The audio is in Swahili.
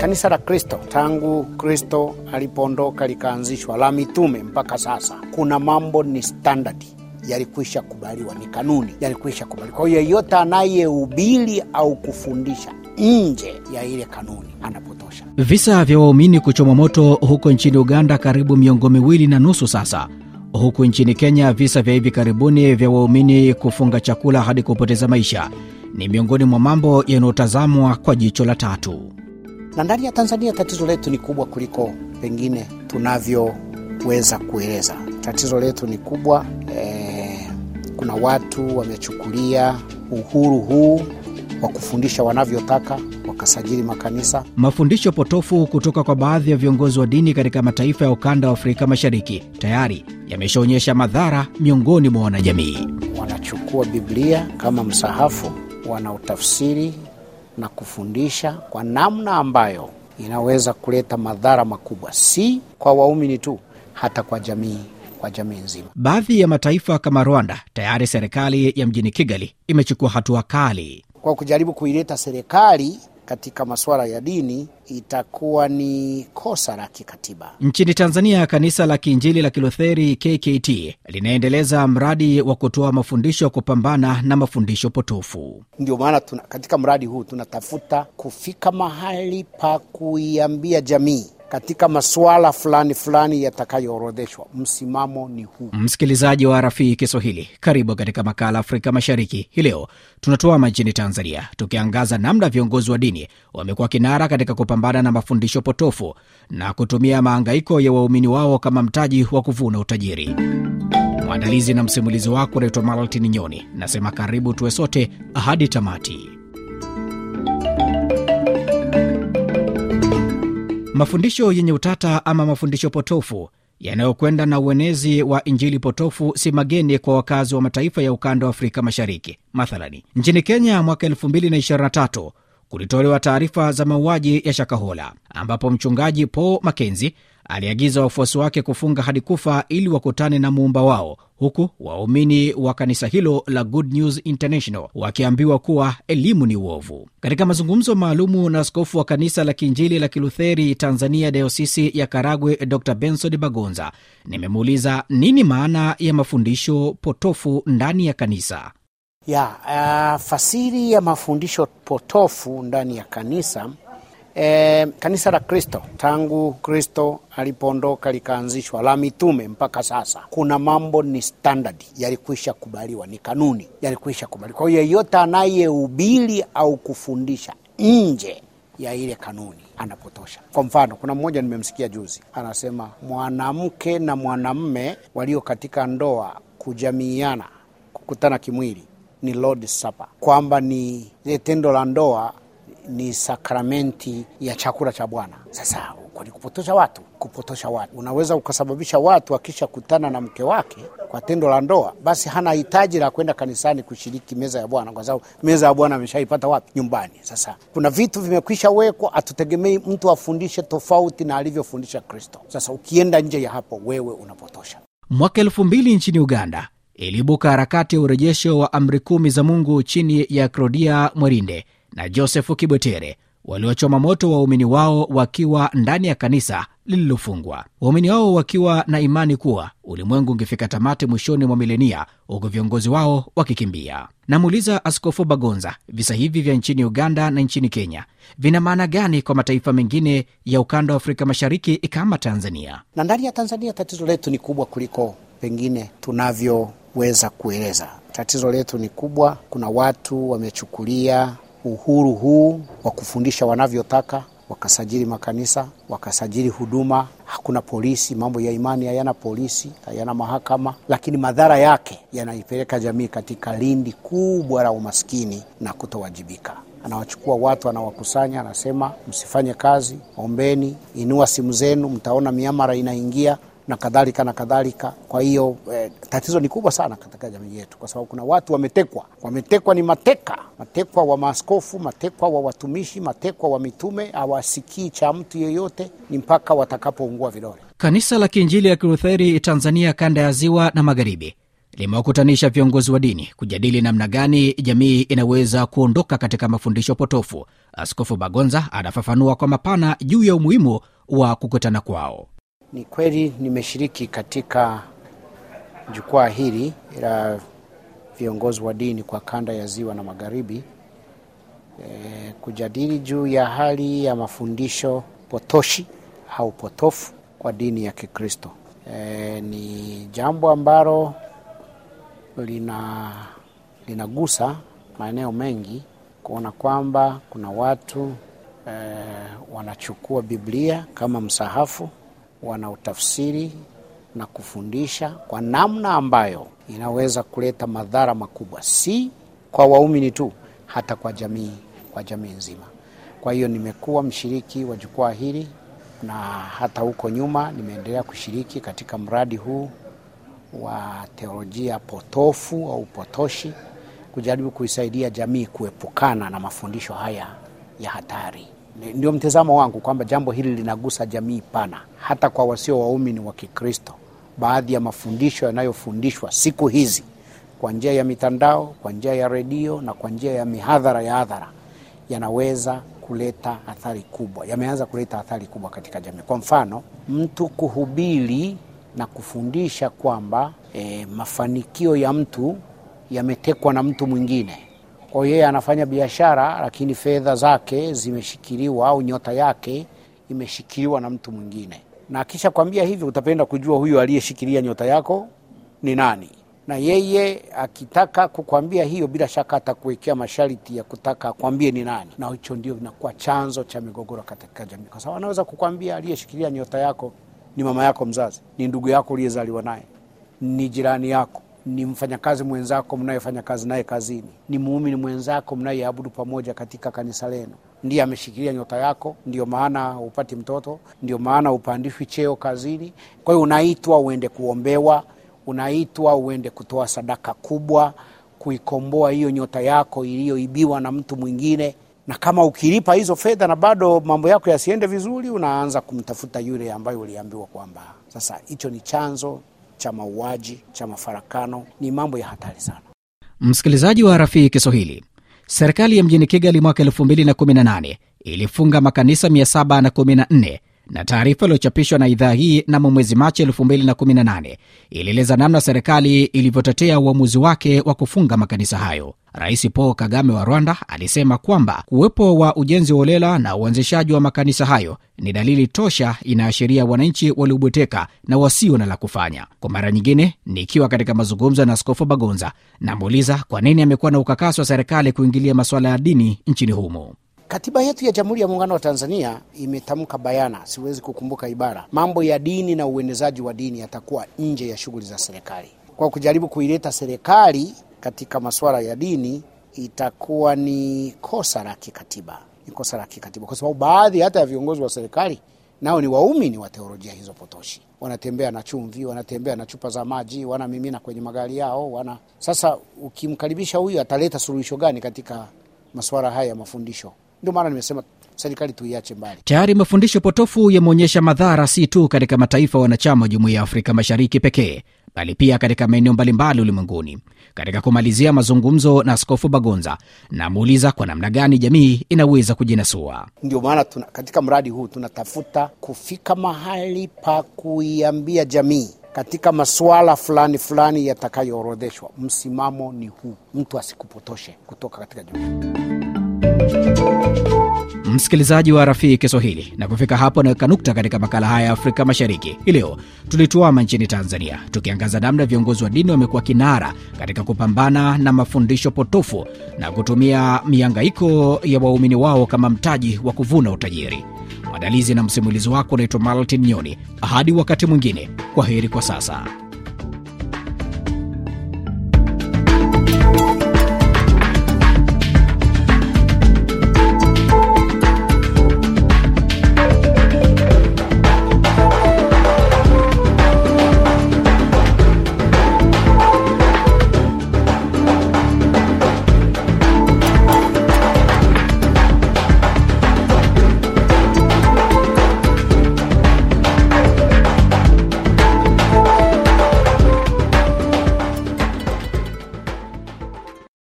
Kanisa la Kristo tangu Kristo alipoondoka likaanzishwa, la mitume mpaka sasa, kuna mambo ni standard yalikwisha kubaliwa, ni kanuni yalikwisha kubaliwa. Kwa hiyo yeyote anayehubiri au kufundisha nje ya ile kanuni anapotosha. Visa vya waumini kuchoma moto huko nchini Uganda karibu miongo miwili na nusu sasa Huku nchini Kenya, visa vya hivi karibuni vya waumini kufunga chakula hadi kupoteza maisha ni miongoni mwa mambo yanayotazamwa kwa jicho la tatu. Na ndani ya Tanzania tatizo letu ni kubwa kuliko pengine tunavyoweza kueleza. Tatizo letu ni kubwa e, kuna watu wamechukulia uhuru huu wa kufundisha wanavyotaka wakasajili makanisa. Mafundisho potofu kutoka kwa baadhi ya viongozi wa dini katika mataifa ya ukanda wa Afrika Mashariki tayari yameshaonyesha madhara miongoni mwa wanajamii. Wanachukua Biblia kama msahafu, wanautafsiri na kufundisha kwa namna ambayo inaweza kuleta madhara makubwa, si kwa waumini tu, hata kwa jamii kwa jamii nzima. Baadhi ya mataifa kama Rwanda, tayari serikali ya mjini Kigali imechukua hatua kali kwa kujaribu kuileta serikali katika masuala ya dini itakuwa ni kosa la kikatiba. Nchini Tanzania, kanisa la Kiinjili la Kilutheri KKT linaendeleza mradi wa kutoa mafundisho ya kupambana na mafundisho potofu. Ndio maana katika mradi huu tunatafuta kufika mahali pa kuiambia jamii katika masuala fulani fulani yatakayoorodheshwa. Msimamo ni huu. Msikilizaji wa Rafii Kiswahili, karibu katika makala Afrika Mashariki. Hii leo tunatuama nchini Tanzania, tukiangaza namna viongozi wa dini wamekuwa kinara katika kupambana na mafundisho potofu na kutumia maangaiko ya waumini wao kama mtaji wa kuvuna utajiri. Mwandalizi na msimulizi wako unaitwa Maltin Nyoni, nasema karibu tuwe sote hadi tamati. Mafundisho yenye utata ama mafundisho potofu yanayokwenda na uenezi wa injili potofu si mageni kwa wakazi wa mataifa ya ukanda wa Afrika Mashariki. Mathalani, nchini Kenya mwaka 223 kulitolewa taarifa za mauaji ya Shakahola ambapo mchungaji Paul Makenzi aliagiza wafuasi wake kufunga hadi kufa ili wakutane na muumba wao, huku waumini wa kanisa hilo la Good News International wakiambiwa kuwa elimu ni uovu. Katika mazungumzo maalumu na askofu wa kanisa la kinjili la Kilutheri Tanzania dayosisi ya Karagwe, Dr Benson Bagonza, nimemuuliza nini maana ya mafundisho potofu ndani ya kanisa. Ya, uh, fasiri ya mafundisho potofu ndani ya kanisa E, kanisa la Kristo tangu Kristo alipoondoka likaanzishwa la mitume mpaka sasa, kuna mambo ni standard, yalikwisha kubaliwa, ni kanuni, yalikwisha kubaliwa. Kwa hiyo yeyote anayehubiri au kufundisha nje ya ile kanuni anapotosha. Kwa mfano, kuna mmoja nimemsikia juzi anasema mwanamke na mwanamme walio katika ndoa kujamiiana, kukutana kimwili ni Lord's Supper, kwamba ni eh, tendo la ndoa ni sakramenti ya chakula cha Bwana. Sasa uko ni kupotosha watu, kupotosha watu. Unaweza ukasababisha watu akishakutana na mke wake kwa tendo la ndoa, basi hana hitaji la kwenda kanisani kushiriki meza ya Bwana, kwa sababu meza ya Bwana ameshaipata wapi? Nyumbani. Sasa kuna vitu vimekwisha wekwa, hatutegemei mtu afundishe tofauti na alivyofundisha Kristo. Sasa ukienda nje ya hapo, wewe unapotosha. Mwaka elfu mbili nchini Uganda iliibuka harakati ya urejesho wa amri kumi za Mungu chini ya Krodia Mwerinde na Josefu Kibwetere waliochoma moto waumini wao wakiwa ndani ya kanisa lililofungwa, waumini wao wakiwa na imani kuwa ulimwengu ungefika tamati mwishoni mwa milenia, huku viongozi wao wakikimbia. Namuuliza Askofu Bagonza, visa hivi vya nchini Uganda na nchini Kenya vina maana gani kwa mataifa mengine ya ukanda wa Afrika Mashariki kama Tanzania? Na ndani ya Tanzania tatizo letu ni kubwa kuliko pengine tunavyoweza kueleza. Tatizo letu ni kubwa. Kuna watu wamechukulia uhuru huu wa kufundisha wanavyotaka, wakasajili makanisa, wakasajili huduma. Hakuna polisi, mambo ya imani hayana polisi, hayana mahakama, lakini madhara yake yanaipeleka jamii katika lindi kubwa la umaskini na kutowajibika. Anawachukua watu, anawakusanya, anasema msifanye kazi, ombeni, inua simu zenu, mtaona miamara inaingia, na kadhalika na kadhalika. Kwa hiyo eh, tatizo ni kubwa sana katika jamii yetu, kwa sababu kuna watu wametekwa. Wametekwa ni mateka, matekwa wa maaskofu, matekwa wa watumishi, matekwa wa mitume. Hawasikii cha mtu yeyote, ni mpaka watakapoungua vidole. Kanisa la Kiinjili ya Kilutheri Tanzania kanda ya Ziwa na Magharibi limewakutanisha viongozi wa dini kujadili namna gani jamii inaweza kuondoka katika mafundisho potofu. Askofu Bagonza anafafanua kwa mapana juu ya umuhimu wa kukutana kwao. Ni kweli nimeshiriki katika jukwaa hili la viongozi wa dini kwa kanda ya Ziwa na Magharibi e, kujadili juu ya hali ya mafundisho potoshi au potofu kwa dini ya Kikristo. E, ni jambo ambalo lina linagusa maeneo mengi kuona kwamba kuna watu e, wanachukua Biblia kama msahafu wanaotafsiri na kufundisha kwa namna ambayo inaweza kuleta madhara makubwa, si kwa waumini tu, hata kwa jamii, kwa jamii nzima. Kwa hiyo nimekuwa mshiriki wa jukwaa hili na hata huko nyuma nimeendelea kushiriki katika mradi huu wa teolojia potofu au potoshi, kujaribu kuisaidia jamii kuepukana na mafundisho haya ya hatari. Ndio mtazamo wangu kwamba jambo hili linagusa jamii pana, hata kwa wasio waumini wa Kikristo. Baadhi ya mafundisho yanayofundishwa siku hizi kwa njia ya mitandao, kwa njia ya redio na kwa njia ya mihadhara ya hadhara yanaweza kuleta athari kubwa, yameanza kuleta athari kubwa katika jamii. Kwa mfano, mtu kuhubiri na kufundisha kwamba e, mafanikio ya mtu yametekwa na mtu mwingine kwa yeye anafanya biashara, lakini fedha zake zimeshikiliwa au nyota yake imeshikiliwa na mtu mwingine, na kisha kwambia hivyo, utapenda kujua huyu aliyeshikilia nyota yako ni nani. Na yeye akitaka kukwambia hiyo, bila shaka atakuwekea masharti ya kutaka akwambie ni nani, na hicho ndio inakuwa chanzo cha migogoro katika jamii, kwa sababu anaweza kukwambia aliyeshikilia nyota yako ni mama yako mzazi, ni ndugu yako uliyezaliwa naye, ni jirani yako ni mfanyakazi mwenzako mnayefanya kazi naye kazini, ni muumini mwenzako mnayeabudu pamoja katika kanisa lenu. Ndiye ameshikilia nyota yako, ndiyo maana upati mtoto, ndiyo maana upandishwi cheo kazini. Kwa hiyo unaitwa uende kuombewa, unaitwa uende kutoa sadaka kubwa, kuikomboa hiyo nyota yako iliyoibiwa na mtu mwingine na kama ukilipa hizo fedha na bado mambo yako yasiende vizuri, unaanza kumtafuta yule ambaye uliambiwa kwamba. Sasa hicho ni chanzo cha mauaji, cha mafarakano, ni mambo ya hatari sana. Msikilizaji wa Rafii Kiswahili, serikali ya mjini Kigali mwaka 2018 ilifunga makanisa 714 na taarifa iliyochapishwa na idhaa hii namo mwezi Machi 218 ilieleza namna serikali ilivyotetea uamuzi wake wa kufunga makanisa hayo. Rais Paul Kagame wa Rwanda alisema kwamba kuwepo wa ujenzi wa holela na uanzishaji wa makanisa hayo ni dalili tosha inaashiria wananchi waliobweteka na wasio na la kufanya. Kwa mara nyingine, nikiwa katika mazungumzo na skofu Bagonza, namuuliza kwa nini amekuwa na ukakasi wa serikali kuingilia masuala ya dini nchini humo. Katiba yetu ya Jamhuri ya Muungano wa Tanzania imetamka bayana, siwezi kukumbuka ibara, mambo ya dini na uenezaji wa dini yatakuwa nje ya shughuli za serikali. Kwa kujaribu kuileta serikali katika masuala ya dini itakuwa ni kosa la kikatiba, ni kosa la kikatiba, kwa sababu baadhi hata ya viongozi wa serikali nao ni waumini wa teolojia hizo potoshi, wanatembea na chumvi, wanatembea na chupa za maji, wanamimina kwenye magari yao, wana sasa. Ukimkaribisha huyu ataleta suluhisho gani katika masuala haya ya mafundisho? Ndio maana nimesema serikali tuiache mbali. Tayari mafundisho potofu yameonyesha madhara si tu katika mataifa wanachama wa jumuiya ya Afrika Mashariki pekee bali pia katika maeneo mbalimbali ulimwenguni. Katika kumalizia mazungumzo na Askofu Bagonza, namuuliza kwa namna gani jamii inaweza kujinasua. Ndio maana katika mradi huu tunatafuta kufika mahali pa kuiambia jamii katika masuala fulani fulani yatakayoorodheshwa, msimamo ni huu, mtu asikupotoshe kutoka katika jamii msikilizaji wa rafii kiswahili na kufika hapo naweka nukta katika makala haya ya afrika mashariki hii leo tulituama nchini tanzania tukiangaza namna viongozi wa dini wamekuwa kinara katika kupambana na mafundisho potofu na kutumia miangaiko ya waumini wao kama mtaji wa kuvuna utajiri mwandalizi na msimulizi wako unaitwa maltin nyoni hadi wakati mwingine kwa heri kwa sasa